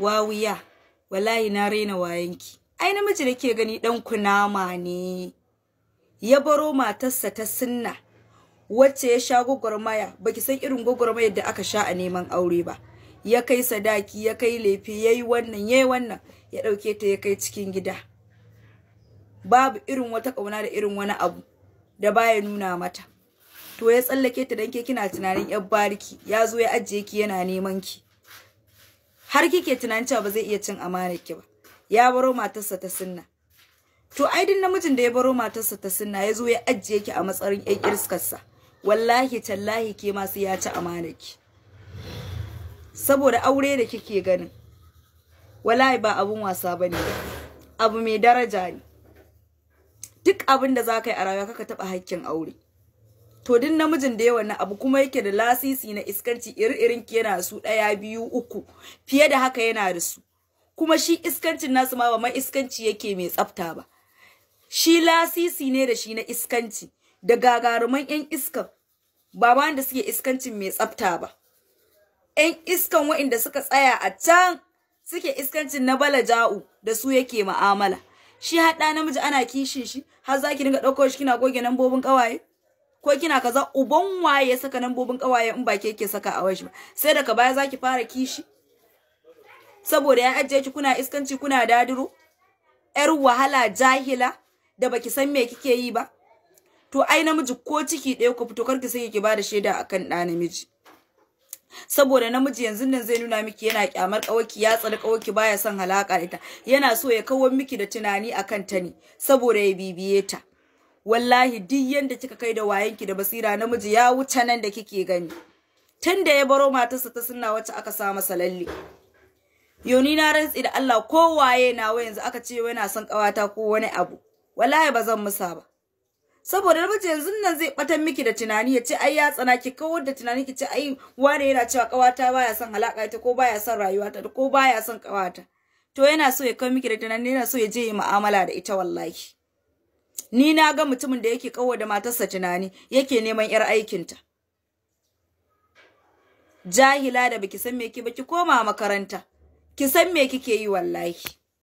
wawiya wallahi na raina wayanki ai namiji nake gani dan kunama ne ya baro matarsa ta sunna wacce ya sha gwagwarmaya baki san irin gwagwarmayar da aka sha a neman aure ba ya kai sadaki ya kai lefe yayi wannan ya wannan ya ɗauke ta ya kai cikin gida babu irin wata ƙauna da irin wani abu da baya nuna mata to ya tsallake ta dan ke kina tunanin yar bariki ya zo ya ajiye ki yana neman ki har kike tunanin cewa ba zai iya cin amanar ki ba ya baro matarsa ta sunna to ai din namijin da ya baro matarsa ta sunna ya zo ya ajiye ki a matsayin yan irskarsa wallahi tallahi ke ma sai ya ci amanar ki saboda aure da kike ganin wallahi ba abun wasa bane abu mai daraja ne duk abin da za ka yi a rayuwa kaka taba hakkin aure to din namijin da yawan abu kuma yake da lasisi na iskanci iri-irin ki yana su ɗaya biyu uku fiye da haka yana da su kuma shi iskancin nasu ma ba mai iskanci yake mai tsafta ba shi lasisi ne da shi na iskanci da gagaruman yan iskan ba ba da suke iskancin mai tsafta ba yan iskan wa'inda suka tsaya a can suke iskancin na bala ja'u da su yake ma'amala shi haɗa namiji ana kishin shi har zaki dinga ɗauko shi kina goge lambobin ƙawaye ko kina kaza uban waye saka nambobin kawaye in ba ke yake saka a washi ba sai daga baya zaki fara kishi saboda ya ajiye ki kuna iskanci kuna dadiro yar wahala jahila da baki san me kike yi ba to ai namiji ko ciki ɗaya ku fito karki sai ki bada shaida akan ɗa namiji saboda namiji yanzu nan zai nuna miki yana kyamar kawaki ya tsare kawaki baya son halaka ita yana so ya kawo miki da tunani akan ta ne saboda ya bibiye ta wallahi duk yanda kika kai da wayanki da basira namiji ya wuce nan da kike gani tunda ya baro matarsa ta sunna wacce aka sa masa lalle yoni na rantsi da Allah ko waye na wa yanzu aka ce yana son kawata ko wani abu wallahi ba zan musa ba saboda namiji yanzu nan zai batan miki da tunani ya ce ai ya tsana ki kawar da tunani ki ce ai wane yana cewa kawata baya son halaka ita ko baya son rayuwa ta ko baya son kawata to yana so ya kawo miki da tunani yana so ya je ya mu'amala da ita wallahi ni na ga mutumin da yake kawo da matarsa tunani yake neman yar aikinta jahila da biki san me ki baki koma makaranta ki san me kike yi wallahi